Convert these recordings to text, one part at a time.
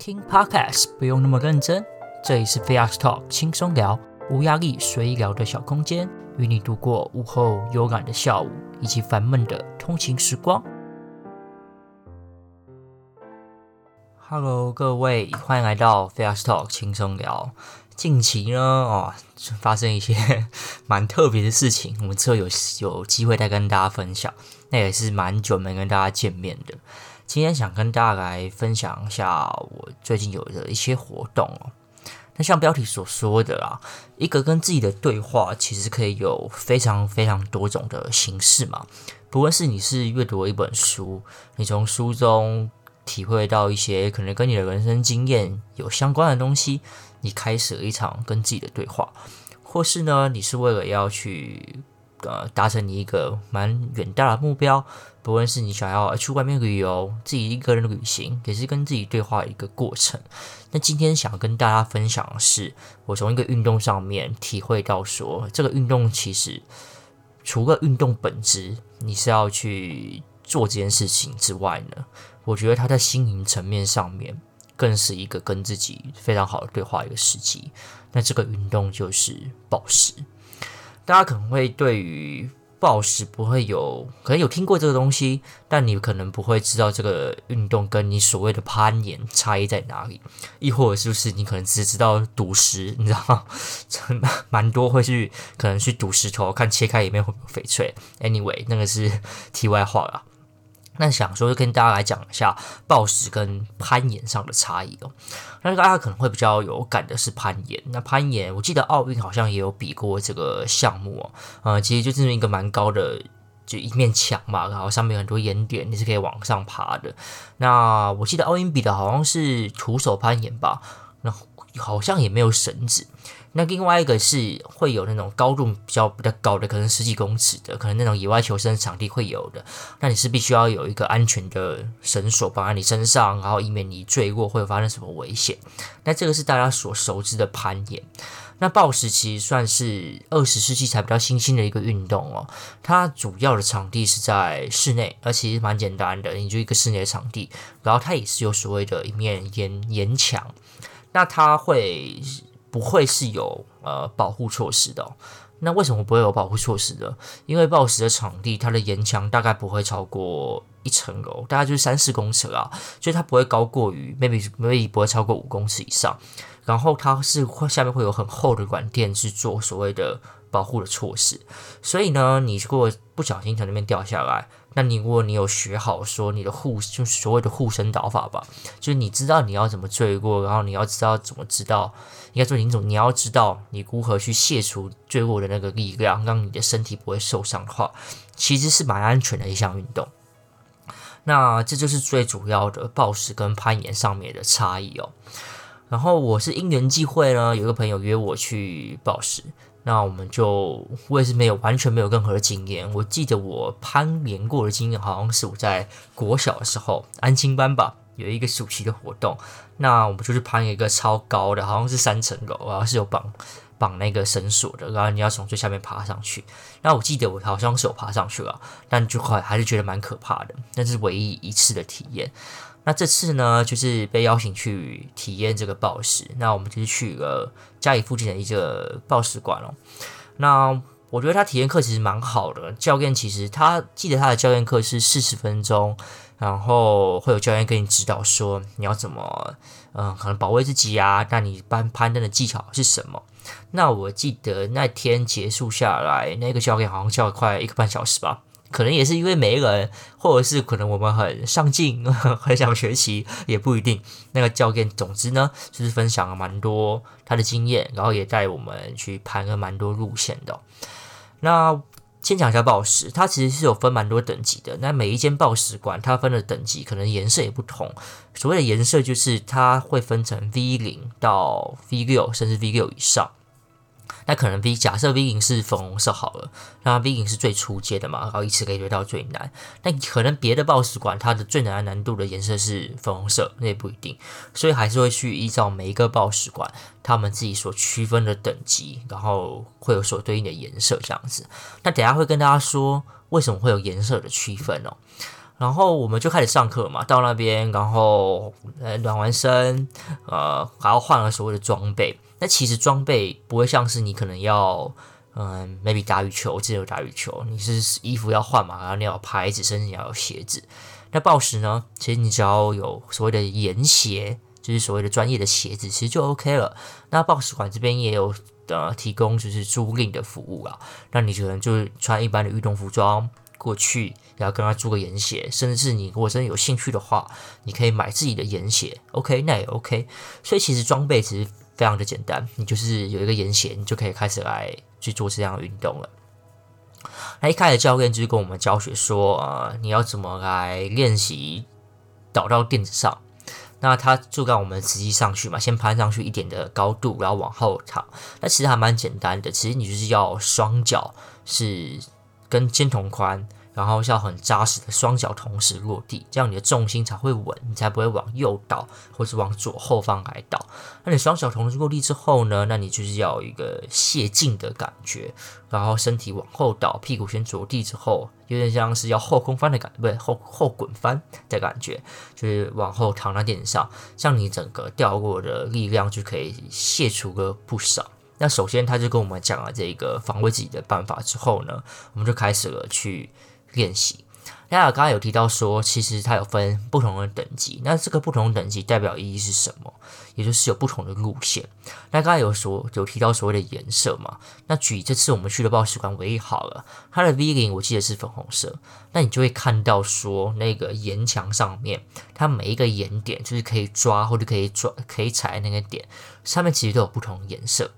聽 Podcast 不用那麼認真，這裡是 Fair Talk 輕鬆聊，無壓力隨意聊的小空間，與你度過午後悠然的下午，以及煩悶的通勤時光。Hello，各位，歡迎來到 Fair Talk 輕鬆聊。近期呢，哦，發生一些 蠻特別的事情，我們之後有有機會再跟大家分享。那也是蠻久沒跟大家見面的。今天想跟大家來分享一下我最近有的一些活動哦啊。那像標題所說的啦，一個跟自己的對話其實可以有非常非常多種的形式嘛。不論是你是閱讀了一本書，你從書中體會到一些可能跟你的人生經驗有相關的東西，你開始了一場跟自己的對話；或是呢，你是為了要去呃達成你一個蠻遠大的目標。不論是你想要去外面旅遊，自己一個人的旅行，也是跟自己對話一個過程。那今天想跟大家分享的是，我從一個運動上面體會到說，說這個運動其實除了運動本質，你是要去做這件事情之外呢，我覺得它在心靈層面上面，更是一個跟自己非常好的對話一個時機。那這個運動就是抱石，大家可能會對於。抱石不會有，可能有聽過這個東西，但你可能不會知道這個運動跟你所謂的攀岩差異在哪裡，亦或者就是，是你可能只知道賭石，你知道嗎？蠻多會去，可能去賭石頭，看切開裡面會不會有翡翠。Anyway，那個是題外話了。那想說跟大家來講一下抱石跟攀岩上的差異哦、喔。那大家可能會比較有感的是攀岩。那攀岩，我記得奧運好像也有比過這個項目哦、喔。呃，其實就是一個蠻高的，就一面牆嘛，然後上面有很多岩點，你是可以往上爬的。那我記得奧運比的好像是徒手攀岩吧，那好像也沒有繩子。那另外一個是會有那種高度比較比較高的，可能十幾公尺的，可能那種野外求生場地會有的。那你是必須要有一個安全的繩索綁在你身上，然後以免你墜落會發生什麼危險。那這個是大家所熟知的攀岩。那抱石其實算是二十世紀才比較新興的一個運動哦。它主要的場地是在室內，而其實蠻簡單的，你就一個室內的場地，然後它也是有所謂的一面岩岩牆。那它會。不會是有呃保護措施的，哦，那為什麼不會有保護措施呢？因為抱石的場地，它的岩牆大概不會超過一層樓，哦，大概就是三四公尺啊，所以它不會高過於 maybe, maybe maybe 不會超過五公尺以上，然後它是會下面會有很厚的軟墊去做所謂的保護的措施，所以呢，你如果不小心從那邊掉下來。那你如果你有學好說你的護，就所謂的護身倒法吧，就是你知道你要怎麼墜過，然後你要知道怎麼知道，應該說你一種，你要知道你如何去卸除墜過的那個力量，讓你的身體不會受傷的話，其實是蠻安全的一項運動。那這就是最主要的抱石跟攀岩上面的差異哦。然後我是因緣際會呢，有一個朋友約我去抱石。那我們就我也是沒有完全沒有任何的經驗。我記得我攀岩過的經驗，好像是我在國小的時候，安親班吧，有一個暑期的活動。那我們就是攀一個超高的，好像是三層樓，好像是有綁綁那個繩索的，然後你要從最下面爬上去。那我記得我好像是有爬上去了，但就還還是覺得蠻可怕的。那是唯一一次的體驗。那這次呢，就是被邀請去體驗這個抱石。那我們就是去了家裡附近的一個抱石館哦，那我覺得他體驗課其實蠻好的，教練其實他記得他的教練課是四十分鐘，然後會有教練跟你指導，說你要怎麼，嗯，可能保衛自己啊，那你攀攀登的技巧是什麼？那我記得那天結束下來，那個教練好像教了快一個半小時吧。可能也是因為沒人，或者是可能我們很上進，很想學習，也不一定。那個教練，總之呢，就是分享了蠻多他的經驗，然後也帶我們去盤了蠻多路線的。那先講一下抱石，它其實是有分蠻多等級的。那每一間抱石館，它分的等級可能顏色也不同。所謂的顏色，就是它會分成 V 零到 V 六，甚至 V 六以上。那可能比假設 V0 是粉紅色好了。那 V0 是最初階的嘛，然後一次可以堆到最難。那可能別的抱石館，它的最難的難度的顏色是粉紅色，那也不一定。所以還是會去依照每一個抱石館他們自己所區分的等級，然後會有所對應的顏色這樣子。那等下會跟大家說為什麼會有顏色的區分哦。然後我們就開始上課嘛，到那邊，然後呃暖完身，呃還要換了所謂的裝備。那其實裝備不會像是你可能要，嗯、呃、maybe 打羽球，這有打羽球，你是衣服要換嘛，然後你要有拍子，甚至你要有鞋子。那抱石呢，其實你只要有所謂的岩鞋，就是所謂的專業的鞋子，其實就 OK 了。那抱石館這邊也有呃提供就是租賃的服務啊，那你可能就是穿一般的運動服裝。過去要跟他做個岩鞋，甚至是你如果真的有興趣的話，你可以買自己的岩鞋，OK，那也 OK。所以其實裝備其實非常的簡單，你就是有一個岩鞋，你就可以開始來去做這項運動了。那一開始教練就是跟我們教學說，啊、呃，你要怎麼來練習倒到墊子上？那他就讓我們直接上去嘛，先攀上去一點的高度，然後往後躺。那其實還蠻簡單的，其實你就是要雙腳是。跟肩同寬，然後是要很扎實的雙腳同時落地，這樣你的重心才會穩，你才不會往右倒，或是往左後方來倒。那你雙腳同時落地之後呢？那你就是要一個卸勁的感覺，然後身體往後倒，屁股先着地之後，有點像是要後空翻的感，不對，後後滾翻的感覺，就是往後躺在墊子上，這樣你整個掉落的力量就可以卸除個不少。那首先，他就跟我們講了這個防衛自己的辦法之後呢，我們就開始了去練習。大家剛剛有提到說，其實它有分不同的等級，那這個不同等級代表意義是什麼？也就是有不同的路線。那剛才有說有提到所謂的顏色嘛？那舉這次我們去的抱石館為例好了，它的 V 零我記得是粉紅色，那你就會看到說那個岩牆上面，它每一個岩點就是可以抓或者可以抓可以踩那個點上面，其實都有不同顏色。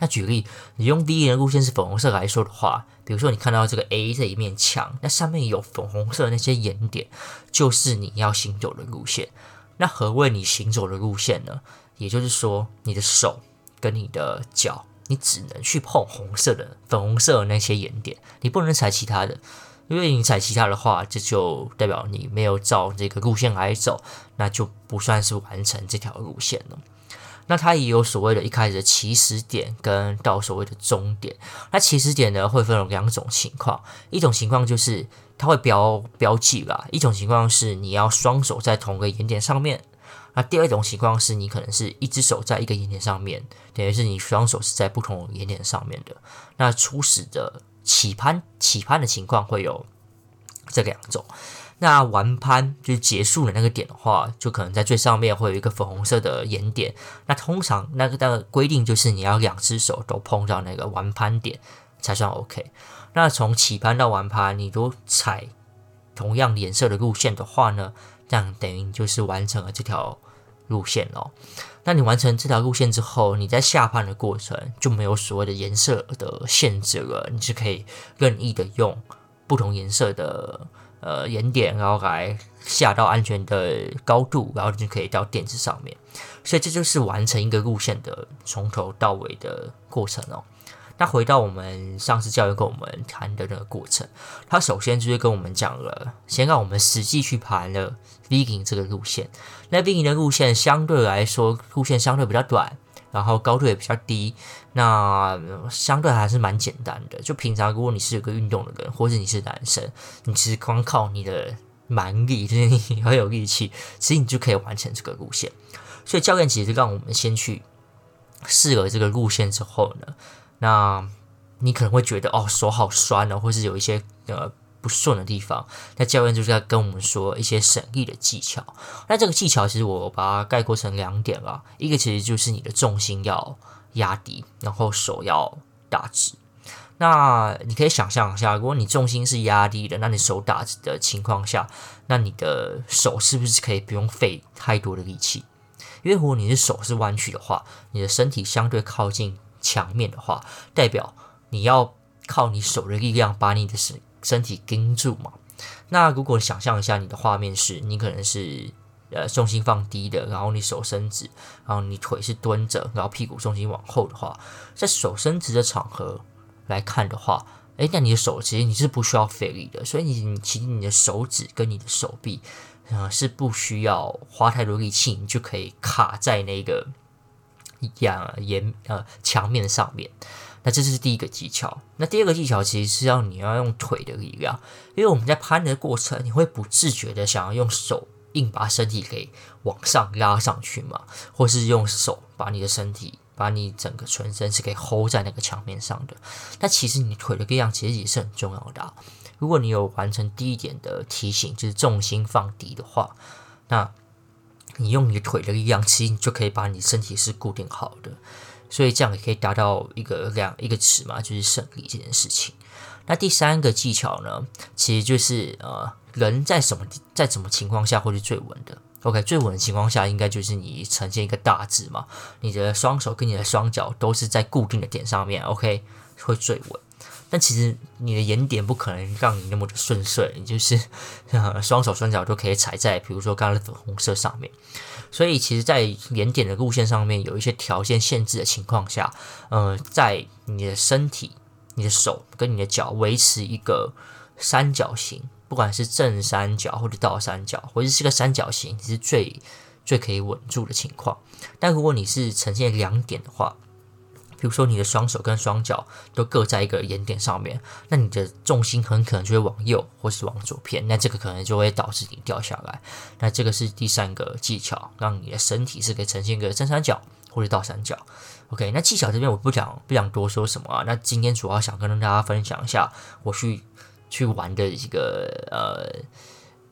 那舉例，你用第一人路線是粉紅色來說的話，比如說你看到這個 A 這一面牆，那上面有粉紅色的那些岩點，就是你要行走的路線。那何謂你行走的路線呢？也就是說，你的手跟你的腳，你只能去碰紅色的、粉紅色的那些岩點，你不能踩其他的，因為你踩其他的話，這就代表你沒有照這個路線來走，那就不算是完成這條路線了。那它也有所謂的，一開始的起始點跟到所謂的終點。那起始點呢，會分兩種情況：一種情況就是它會標標記吧；一種情況是你要雙手在同一個岩點上面。那第二種情況是你可能是一隻手在一個岩點上面，等於是你雙手是在不同岩點上面的。那初始的起攀起攀的情況會有這兩種。那完攀，就結束的那個點的話，就可能在最上面會有一個粉紅色的圓點。那通常那個、那個規定就是你要兩隻手都碰到那個完攀點才算 OK。那從起攀到完攀，你都踩同樣顏色的路線的話呢，這樣等於你就是完成了這條路線哦。那你完成這條路線之後，你在下攀的過程就沒有所謂的顏色的限制了，你是可以任意的用不同顏色的。呃，岩點，然後來下到安全的高度，然後就可以到墊子上面。所以這就是完成一個路線的從頭到尾的過程哦。那回到我們上次教練，跟我們談的那個過程，他首先就是跟我們講了，先讓我們實際去盤了 V0 這個路線。那 V0 的路線相對來說，路線相對比較短，然後高度也比較低。那相對還是蠻簡單的。就平常，如果你是有個運動的人，或者你是男生，你其實光靠你的蠻力，就是你很有力氣，其實你就可以完成這個路線。所以教練其實是讓我們先去試了這個路線之後呢，那你可能會覺得哦，手好酸哦，或是有一些呃不順的地方。那教練就是要跟我們說一些省力的技巧。那這個技巧其實我把它概括成兩點啊，一個其實就是你的重心要。壓低，然後手要打直。那你可以想象一下，如果你重心是壓低的，那你手打直的情況下，那你的手是不是可以不用費太多的力氣？因為如果你的手是彎曲的話，你的身體相對靠近牆面的話，代表你要靠你手的力量把你的身身體盯住嘛。那如果想象一下你的畫面是，你可能是。呃，重心放低的，然後你手伸直，然後你腿是蹲着，然後屁股重心往後的話，在手伸直的場合來看的話，哎，那你的手其實你是不需要費力的，所以你你其實你的手指跟你的手臂，嗯、呃，是不需要花太多力氣，你就可以卡在那個牆沿呃，呃牆面上面。那這是第一個技巧。那第二個技巧其實是要你要用腿的力量，因為我們在攀的過程，你會不自覺的想要用手。硬把身體給往上拉上去嘛，或是用手把你的身體、把你整個全身是給 hold 在那個牆面上的。那其實你腿的力量其實也是很重要的、啊。如果你有完成第一點的提醒，就是重心放低的話，那你用你的腿的力量其實你就可以把你身體是固定好的。所以這樣也可以達到一個兩一個詞嘛，就是勝利這件事情。那第三個技巧呢，其實就是呃。人在什麼在什麼情況下會是最穩的？OK，最穩的情況下應該就是你呈現一個大字嘛，你的雙手跟你的雙腳都是在固定的點上面，OK 會最穩。但其實你的岩點不可能讓你那麼的順遂，你就是雙手雙腳都可以踩在比如說剛剛的粉紅色上面。所以其實在岩點的路線上面有一些條件限制的情況下，嗯、呃，在你的身體、你的手跟你的腳維持一個。三角形，不管是正三角或者倒三角，或者是個三角形，是最最可以穩住的情況。但如果你是呈現兩點的話，比如說你的雙手跟雙腳都各在一個岩點上面，那你的重心很可能就會往右或是往左偏，那這個可能就會導致你掉下來。那這個是第三個技巧，讓你的身體是可以呈現一個正三角或者倒三角。OK，那技巧這邊我不想不想多說什麼啊。那今天主要想跟大家分享一下我去。去玩的一個呃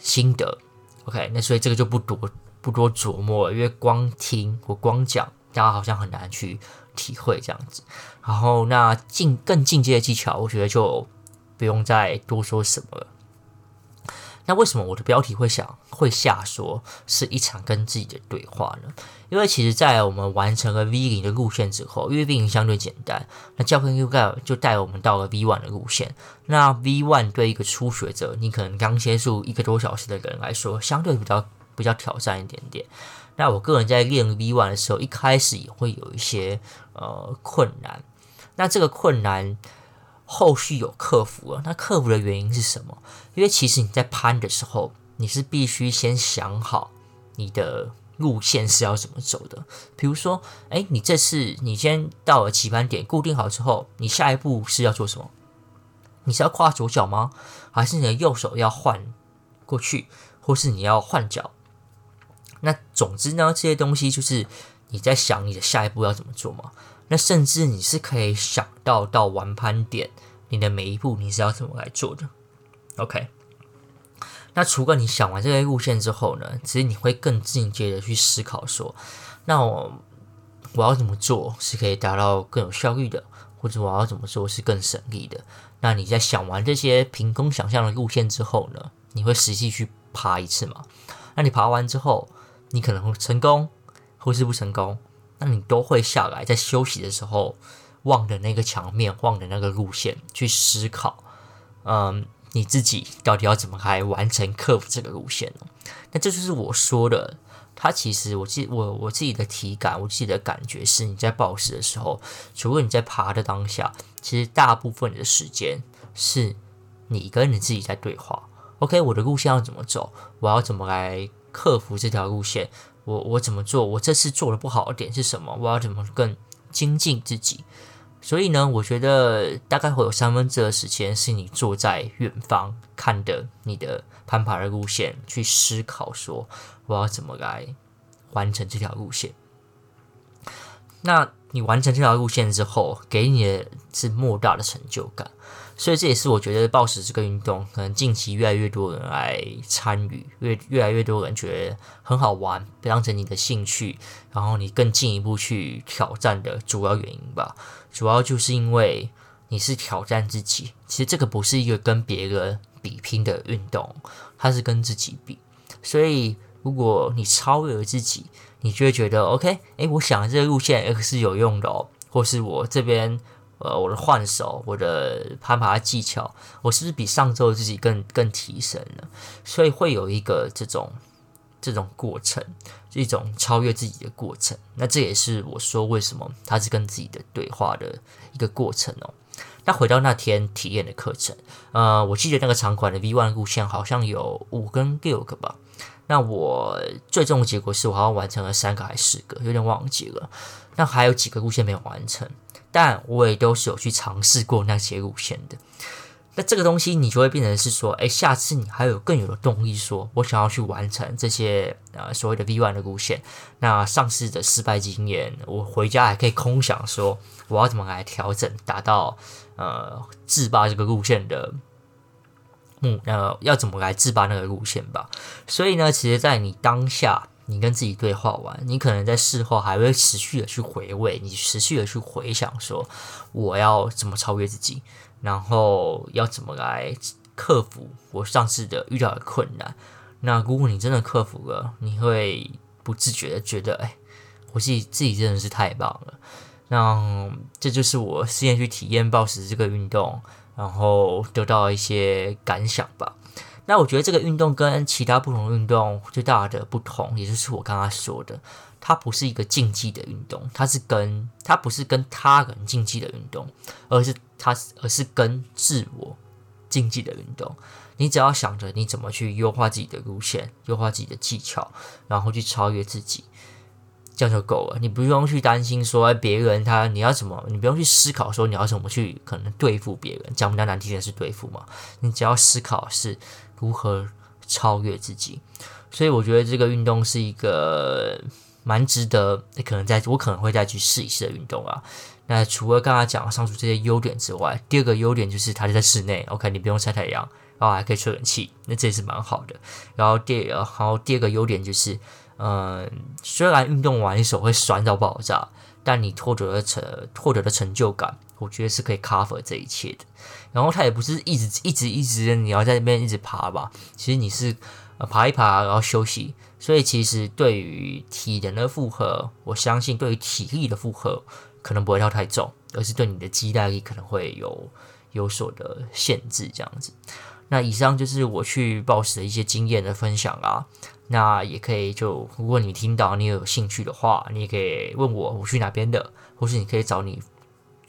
心得，OK，那所以這個就不多不多琢磨了，因為光聽我光講，大家好像很難去體會這樣子。然後那進更進階的技巧，我覺得就不用再多說什麼了。那為什麼我的標題會想會下說是一場跟自己的對話呢？因為其實，在我們完成了 V 零的路線之後，因為 V 零相對簡單，那教官 u g 就帶我們到了 V one 的路線。那 V one 對一個初學者，你可能剛接觸一個多小時的人來說，相對比較比較挑戰一點點。那我個人在練 V one 的時候，一開始也會有一些呃困難。那這個困難。後續有克服了，那克服的原因是什麼？因為其實你在攀的時候，你是必須先想好你的路線是要怎麼走的。比如說，誒，你這次你先到了起攀點，固定好之後，你下一步是要做什麼？你是要跨左腳嗎？還是你的右手要換過去，或是你要換腳？那總之呢，這些東西就是你在想你的下一步要怎麼做嘛。那甚至你是可以想到到完攀點，你的每一步你是要怎麼來做的，OK？那除了你想完這些路線之後呢，其實你會更進階的去思考說，那我我要怎麼做是可以達到更有效率的，或者我要怎麼做是更省力的？那你在想完這些憑空想象的路線之後呢，你會實際去爬一次嘛？那你爬完之後，你可能會成功，或是不成功？那你都會下來，在休息的時候望着那個牆面，望着那個路線去思考，嗯，你自己到底要怎麼來完成克服這個路線呢？那這就是我說的，它其實我記我我自己的體感，我自己的感覺是，你在抱石的時候，除了你在爬的當下，其實大部分的時間是你跟你自己在對話。OK，我的路線要怎麼走？我要怎麼來克服這條路線？我我怎麼做？我這次做的不好的點是什麼？我要怎麼更精進自己？所以呢，我覺得大概會有三分之二的時間是你坐在遠方看着你的攀爬的路線，去思考說，我要怎麼來完成這條路線。那你完成這條路線之後，給你的是莫大的成就感。所以這也是我覺得抱石這個運動可能近期越來越多人來參與，越越來越多人覺得很好玩，當成你的興趣，然後你更進一步去挑戰的主要原因吧。主要就是因為你是挑戰自己，其實這個不是一個跟別人比拼的運動，它是跟自己比。所以如果你超越了自己，你就會覺得 OK，哎，我想這個路線 X 有用的哦，或是我這邊。呃，我的換手，我的攀爬,爬技巧，我是不是比上周的自己更更提升呢？所以會有一個這種這種過程，一種超越自己的過程。那這也是我說為什麼它是跟自己的對話的一個過程哦。那回到那天體驗的課程，呃，我記得那個場館的 V One 路線好像有五跟六個吧。那我最終的結果是我好像完成了三個還是四個，有點忘記了。那還有幾個路線沒有完成。但我也都是有去嘗試過那些路線的。那這個東西，你就會變成是說，哎、欸，下次你還有更有的動力說，說我想要去完成這些呃所謂的 V One 的路線。那上次的失敗經驗，我回家還可以空想說，我要怎麼來調整，達到呃制霸這個路線的目、嗯，呃，要怎麼來制霸那個路線吧。所以呢，其實，在你當下，你跟自己對話完，你可能在事後還會持續的去回味，你持續的去回想，說我要怎麼超越自己，然後要怎麼來克服我上次的遇到的困難。那如果你真的克服了，你會不自覺的覺得，哎，我自己自己真的是太棒了。那這就是我實驗去體驗抱石這個運動，然後得到一些感想吧。那我覺得這個運動跟其他不同的運動最大的不同，也就是我剛剛說的，它不是一個競技的運動，它是跟它不是跟他人競技的運動，而是它而是跟自我競技的運動。你只要想着你怎麼去優化自己的路線，優化自己的技巧，然後去超越自己，這樣就夠了。你不用去擔心說別人他你要怎麼，你不用去思考說你要怎麼去可能對付別人。講不講難聽點是對付嘛。你只要思考是。如何超越自己？所以我覺得這個運動是一個蠻值得，可能在，我可能會再去試一試的運動啊。那除了剛剛講上述這些優點之外，第二個優點就是它是在室內，OK，你不用曬太陽，然後還可以吹冷氣，那這也是蠻好的。然後第，然後第二個優點就是，嗯，雖然運動完你手會酸到爆炸，但你獲得的成，獲得的成就感。我覺得是可以 cover 這一切的，然後他也不是一直一直一直你要在那邊一直爬吧，其實你是爬一爬然後休息，所以其實對於體能的負荷，我相信對於體力的負荷可能不會到太重，而是對你的肌耐力可能會有有所的限制這樣子。那以上就是我去抱石的一些經驗的分享啊，那也可以就，如果你聽到你有有興趣的話，你也可以問我我去哪邊的，或是你可以找你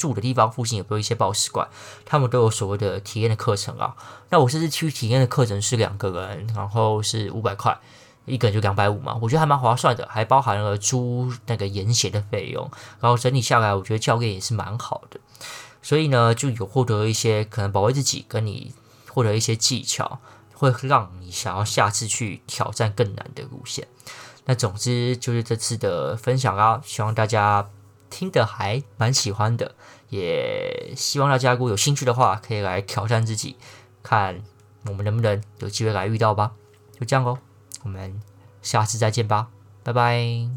住的地方附近有沒有一些抱石館，他們都有所謂的體驗的課程啊。那我這次去體驗的課程是兩個人，然後是五百塊，一個人就兩百五嘛，我覺得還蠻划算的，還包含了租那個岩鞋的費用，然後整體下來，我覺得教練也是蠻好的。所以呢，就有獲得一些可能保衛自己跟你獲得一些技巧，會讓你想要下次去挑戰更難的路線。那總之就是這次的分享啊，希望大家。聽得還蠻喜歡的，也希望大家如果有興趣的話，可以來挑戰自己，看我們能不能有機會來遇到吧。就這樣哦，我們下次再見吧，拜拜。